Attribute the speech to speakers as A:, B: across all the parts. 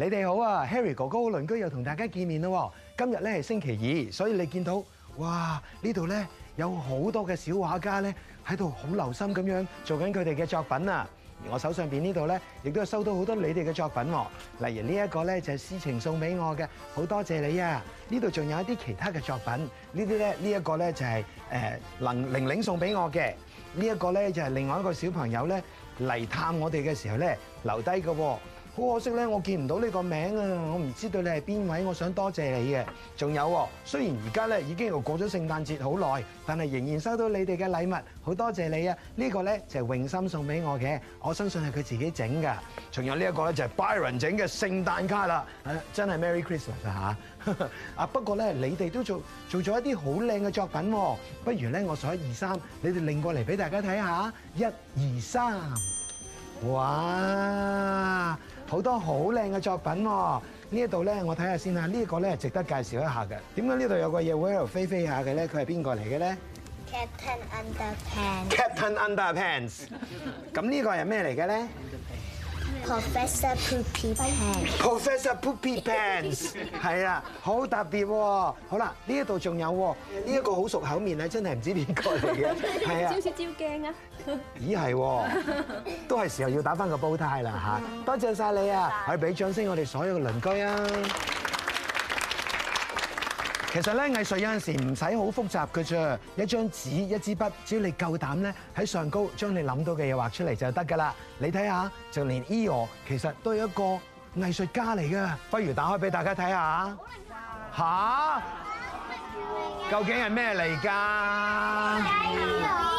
A: 你哋好啊，Harry 哥哥嘅鄰居又同大家見面咯。今日咧係星期二，所以你見到哇呢度咧有好多嘅小畫家咧喺度好留心咁樣做緊佢哋嘅作品啊。而我手上邊呢度咧亦都收到好多你哋嘅作品喎。例如呢一個咧就係詩情送俾我嘅，好多謝你啊。呢度仲有一啲其他嘅作品，呢啲咧呢一個咧就係誒能玲玲送俾我嘅，呢一個咧就係另外一個小朋友咧嚟探我哋嘅時候咧留低嘅喎。好可惜咧，我見唔到呢個名啊！我唔知道你係邊位，我想多謝你嘅。仲有，雖然而家咧已經過咗聖誕節好耐，但係仍然收到你哋嘅禮物，好多謝你啊！呢個咧就係榮心送俾我嘅，我相信係佢自己整㗎。仲有呢一個咧就係 Byron 整嘅聖誕卡啦，誒真係 Merry Christmas 啦嚇！啊不過咧，你哋都做做咗一啲好靚嘅作品喎，不如咧我數一二三，你哋拎過嚟俾大家睇下，一二三。哇，好多好靚嘅作品喎！呢一度咧，我睇下先啊！呢個咧，值得介紹一下嘅。點解呢度有個嘢會飛飛下嘅咧？佢係邊個嚟嘅咧？Captain Underpants。Captain Underpants。咁呢個係咩嚟嘅咧？Professor Poopy Pants，Professor Poopy Pants 係啊， 好特別喎。好啦，呢一度仲有，呢、這、一個好熟口面咧，真係唔知邊個嚟嘅。係啊 對，照唔照鏡啊？
B: 咦係，
A: 都係時候要打翻個煲呔啦嚇。多 謝晒你啊， 去俾掌聲我哋所有嘅鄰居啊！其實咧，藝術有陣時唔使好複雜嘅啫，一張紙、一支筆，只要你夠膽咧，喺上高將你諗到嘅嘢畫出嚟就得㗎啦。你睇下，就連 Eo 其實都係一個藝術家嚟㗎，不如打開俾大家睇下嚇。究竟係咩嚟㗎？係
C: Eo，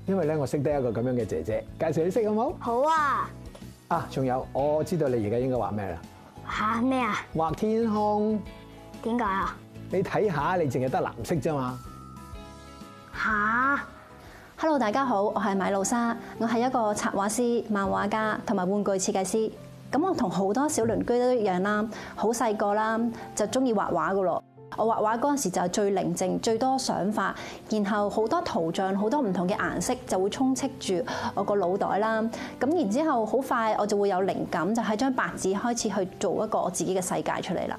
A: 因為咧，我識得一個咁樣嘅姐姐，介紹你識好唔好？好，好啊，啊！啊，仲有，我知道你而家應該畫咩啦？
B: 嚇咩啊？
A: 畫天空。
B: 點解啊？
A: 你睇下，你淨係得藍色啫嘛？
B: 吓！Hello，大家好，我係米露莎，我係一個插畫師、漫畫家同埋玩具設計師。咁我同好多小鄰居都一樣啦，好細個啦，就中意畫畫噶咯。我畫畫嗰陣時就係最寧靜、最多想法，然後好多圖像、好多唔同嘅顏色就會充斥住我個腦袋啦。咁然之後好快我就會有靈感，就喺張白紙開始去做一個我自己嘅世界出嚟啦。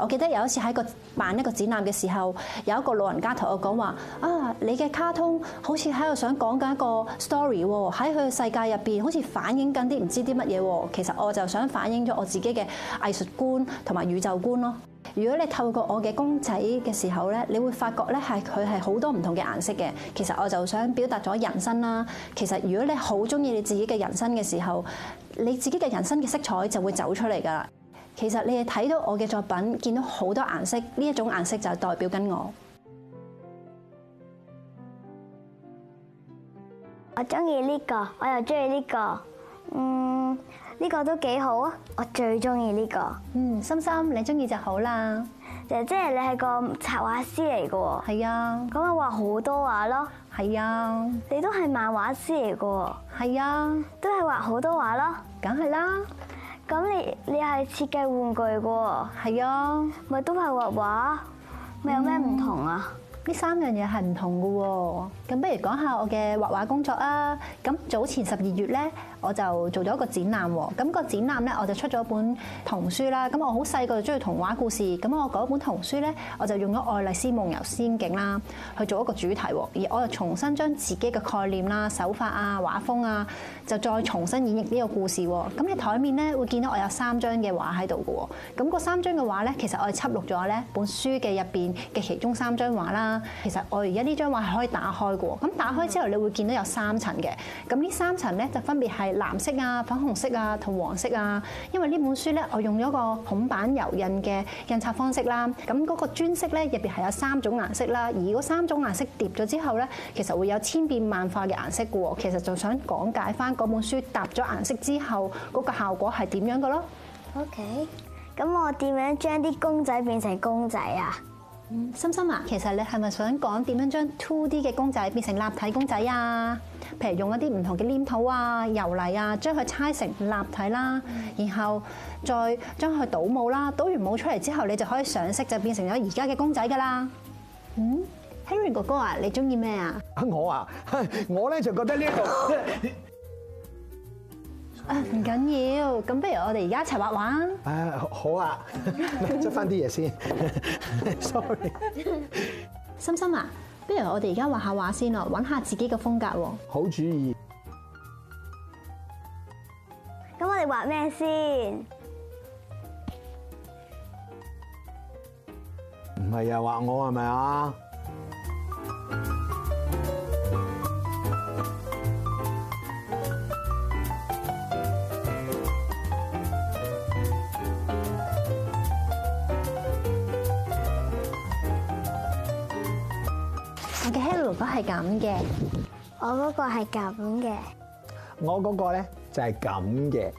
B: 我記得有一次喺個辦一個展覽嘅時候，有一個老人家同我講話：啊，你嘅卡通好似喺度想講緊一個 story 喎，喺佢嘅世界入邊好似反映緊啲唔知啲乜嘢。其實我就想反映咗我自己嘅藝術觀同埋宇宙觀咯。如果你透過我嘅公仔嘅時候咧，你會發覺咧係佢係好多唔同嘅顏色嘅。其實我就想表達咗人生啦。其實如果你好中意你自己嘅人生嘅時候，你自己嘅人生嘅色彩就會走出嚟噶啦。其實你哋睇到我嘅作品，見到好多顏色，呢一種顏色就代表緊我。我中意呢個，我又中意呢個，嗯。呢個都幾好啊！我最中意呢個。嗯，心心你中意就好啦。姐姐你係個插畫師嚟噶喎。係啊。咁啊畫好多畫咯。係啊。你都係漫畫師嚟噶。係啊。都係畫好多畫咯是的 然。梗係啦。咁你你係設計玩具噶。係啊是的。咪都係畫畫，咪有咩唔同啊？呢三樣嘢係唔同嘅喎，咁不如講下我嘅畫畫工作啊！咁早前十二月咧，我就做咗一個展覽喎。咁個展覽咧，我就出咗一本童書啦。咁我好細個就中意童話故事，咁我嗰本童書咧，我就用咗《愛麗絲夢遊仙境》啦去做一個主題，而我又重新將自己嘅概念啦、手法啊、畫風啊，就再重新演繹呢個故事。咁你台面咧會見到我有三張嘅畫喺度嘅喎，咁嗰三張嘅畫咧，其實我係輯錄咗咧本書嘅入邊嘅其中三張畫啦。其實我而家呢張畫係可以打開嘅，咁打開之後你會見到有三層嘅，咁呢三層咧就分別係藍色啊、粉紅色啊同黃色啊。因為呢本書咧，我用咗個孔板油印嘅印刷方式啦，咁嗰個專色咧，入邊係有三種顏色啦，而嗰三種顏色疊咗之後咧，其實會有千變萬化嘅顏色噶。其實就想講解翻嗰本書搭咗顏色之後嗰個效果係點樣嘅咯。OK，咁我點樣將啲公仔變成公仔啊？心心啊，其實你係咪想講點樣將 two D 嘅公仔變成立體公仔啊？譬如用一啲唔同嘅黏土啊、油泥啊，將佢拆成立體啦，然後再將佢倒模啦，倒完模出嚟之後，你就可以上色，就變成咗而家嘅公仔噶啦。嗯，Harry 哥哥啊，你中意咩啊？
A: 我啊， 我咧就覺得呢
B: 一個。 唔緊要，咁不如我哋而家一齊畫畫。
A: 唉，啊，好啊，執翻啲嘢先。 Sorry，
B: 心心啊，不如我哋而家畫下畫先咯，揾下自己嘅風格。
A: 好主意。
B: 咁我哋畫咩先？
A: 唔係又畫我係咪啊？
B: 我嘅 Hello 哥係咁嘅，我嗰個係咁嘅，
A: 我嗰個咧就係咁嘅。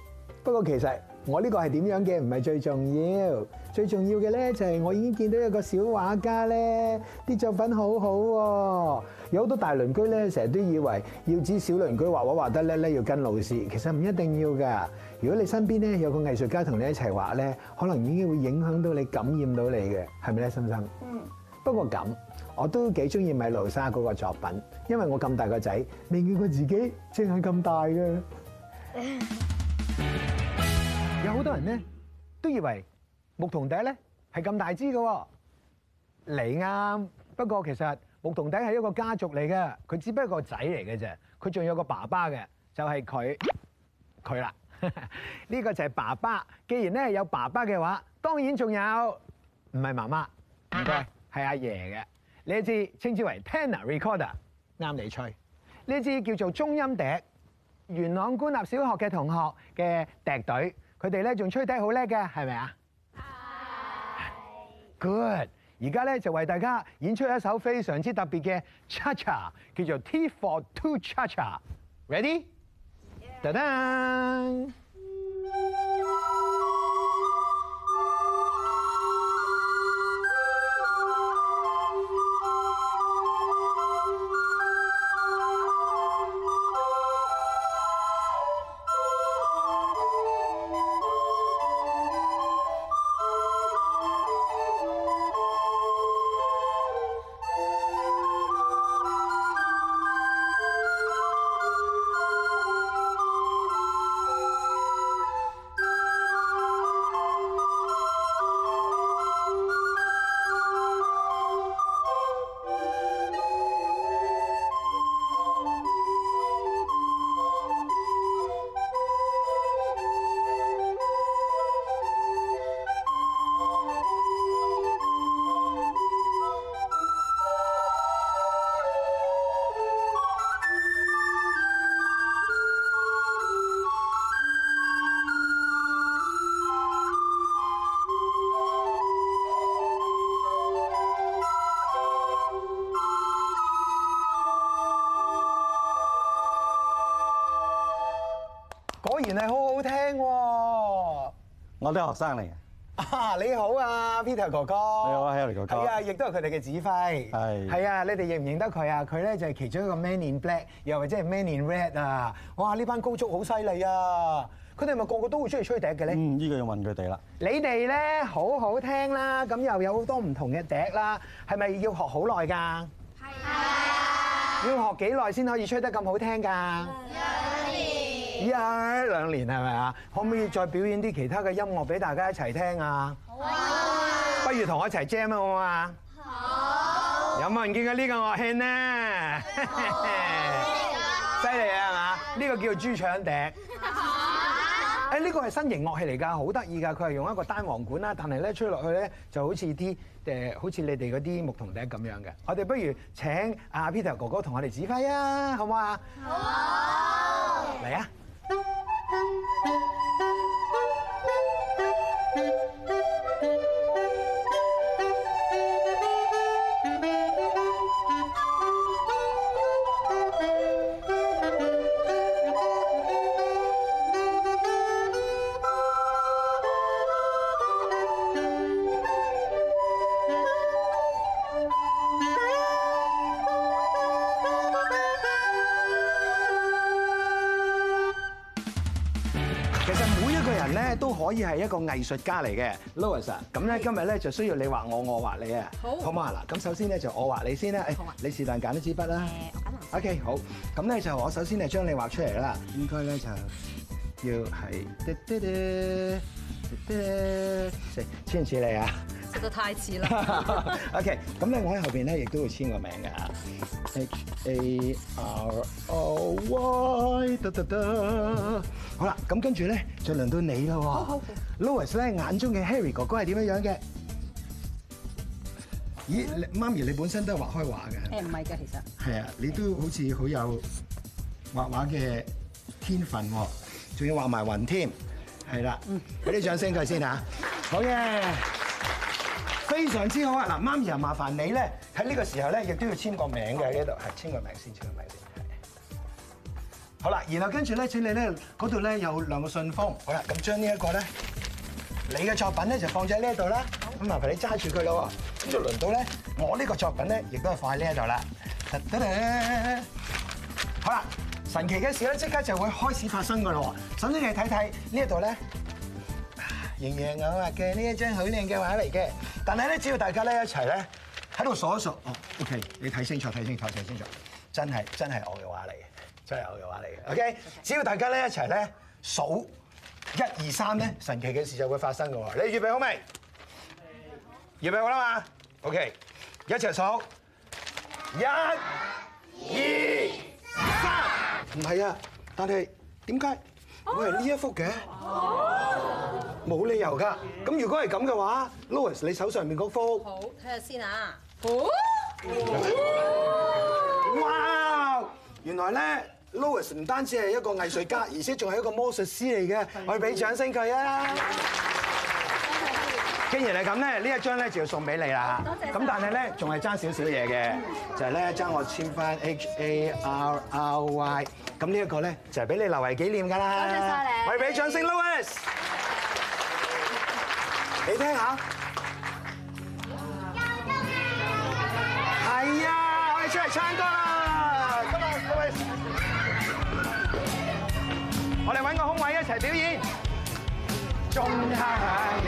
A: 不過其實我呢個係點樣嘅唔係最重要，最重要嘅咧就係我已經見到有個小畫家咧，啲作品好好喎。有好多大鄰居咧，成日都以為要指小鄰居畫畫畫得叻咧要跟老師，其實唔一定要噶。如果你身邊咧有個藝術家同你一齊畫咧，可能已經會影響到你感染到你嘅，係咪咧，森生。嗯。不過咁，我都幾中意米盧沙嗰個作品，因為我咁大個仔未見過自己隻眼咁大嘅。有好多人咧都以為牧童笛咧係咁大支嘅，嚟啱。不過其實牧童笛係一個家族嚟嘅，佢只不過個仔嚟嘅啫，佢仲有個爸爸嘅，就係佢佢啦。呢個就係爸爸。既然咧有爸爸嘅話，當然仲有唔係媽媽唔該。係阿爺嘅呢支稱之為 tenor recorder，啱你吹呢支叫做中音笛。元朗官立小學嘅同學嘅笛隊，佢哋咧仲吹得好叻嘅，係咪啊？係。Hi. Good，而家咧就為大家演出一首非常之特別嘅 cha cha，叫做 T for Two cha cha。Ready? Yeah. Ta。r e a d y 噔噔！我啲學生嚟啊！你好啊，Peter 哥哥。你好啊，HARRY 哥哥。係啊，亦都係佢哋嘅指揮。係。係啊，你哋認唔認得佢啊？佢咧就係其中一個 Man in Black，又或者係 Man in Red 啊！哇，呢班高足好犀利啊！佢哋咪個個都會中意吹笛嘅咧？嗯，呢個要問佢哋啦。你哋咧好好聽啦，咁又有好多唔同嘅笛啦，係咪要學好耐㗎？係啊。要學幾耐先可以吹得咁好聽㗎？依家一兩年係咪啊？可唔可以再表演啲其他嘅音樂俾大家一齊聽啊吧？好啊！不如同我一齊 jam 好唔好啊？好！有冇人見過呢個樂器咧？犀利啊！犀利啊！係嘛？呢 個叫做豬腸笛。好！呢個係新型樂器嚟㗎，好得意㗎！佢係用一個單簧管啦，但係咧吹落去咧就好似啲誒，好似你哋嗰啲牧童笛咁樣嘅。我哋不如請阿 Peter 哥哥同我哋指揮啊，好唔好啊？好！嚟啊！其實每一個人咧都可以係一個藝術家嚟嘅，Louis 啊的，咁咧今日咧就需要你畫我，我畫你啊你、嗯好，好，好嘛嗱，咁首先咧就我畫你先啦，你是但揀一支筆啦，OK 好，咁咧就我首先係將你畫出嚟啦，應該咧就要係，滴滴滴滴滴，似唔似你啊？就太似啦。OK，咁咧我喺後邊咧亦都會簽個名㗎。H A R R Y，得得得。好啦，咁跟住咧就輪到你咯。Louis 咧眼中嘅 Harry 哥哥係點樣樣嘅？咦，媽咪你本身都係畫開畫嘅。誒唔係嘅，其實。係啊，你都好似好有畫畫嘅天分喎，仲要畫埋雲添。係啦，嗯，俾啲掌聲佢先嚇。好嘅。非常之好啊！嗱，媽咪呀麻煩你咧，喺呢個時候咧，亦都要簽個名嘅呢度，係、嗯、簽個名先，簽個名先。好啦，然後跟住咧，請你咧度咧有兩個信封，好啦，咁將呢一個咧，你嘅作品咧就放喺呢度啦。咁好麻煩你揸住佢咯。咁就輪到咧，我呢個作品咧，亦都係放喺呢度啦。得啦。好啦，神奇嘅事咧，即刻就會開始發生噶啦喎。首先你睇睇呢一度咧。形形噉啊嘅呢一張好靚嘅畫嚟嘅，但係咧只要大家咧一齊咧喺度數一數，哦，OK，你睇清楚睇清楚睇清楚，清楚清楚真係真係我嘅畫嚟嘅，真係我嘅畫嚟嘅，OK，只要大家咧一齊咧數一二三咧，神奇嘅事就會發生㗎喎，你預備好未？嗯、預備好啦嘛，OK，一齊數，一、二、二三，唔係啊，但係點解？會係，呢一幅嘅。冇理由噶，咁如果係咁嘅話，Louis 你手上面嗰幅好
B: 睇下先啊！好
A: 哇，原來咧，Louis 唔單止係一個藝術家，而且仲係一個魔術師嚟嘅，我俾掌聲佢啊！既然係咁咧，呢一張咧就要送俾你啦。多謝！咁但係咧，仲係爭少少嘢嘅，就係咧爭我簽翻 H A R R Y，咁呢一個咧就係俾你留為紀念㗎啦。多謝曬你，我俾掌聲 Louis。你聽下，係啊，我哋出嚟唱歌啦！各位各位，我哋揾個空位一齊表演。中下秒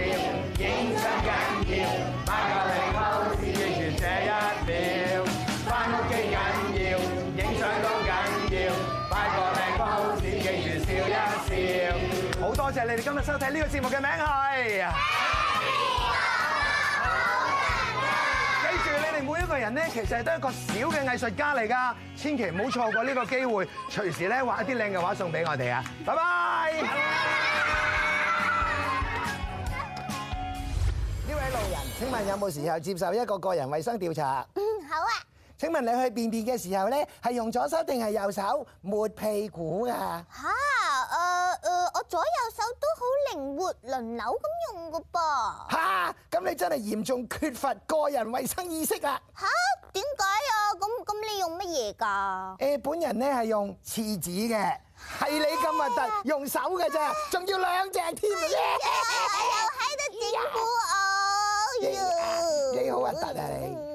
A: 影相緊要，擺個靚 pose 記住這一秒，翻屋企緊要，影相都緊要，擺個靚 pose 記住笑一笑。好，多謝你哋今日收睇呢個節目嘅名係。人咧，其實係都係一個小嘅藝術家嚟㗎，千祈唔好錯過呢個機會，隨時咧畫一啲靚嘅畫送俾我哋啊！拜拜。呢位路人，請問有冇時候接受一個個人衞生調查？嗯，好啊。請問你去便便嘅時候咧，係用左手定係右手抹屁股啊？嚇！輪流咁用噶噃，吓咁你真係嚴重缺乏個人衛生意識啦！吓，點解啊？咁咁你用乜嘢噶？誒，本人咧係用廁紙嘅，係你咁核突，用手嘅咋，仲要兩隻添啊！又
C: 喺度整蠱我，要，最好我答咗你。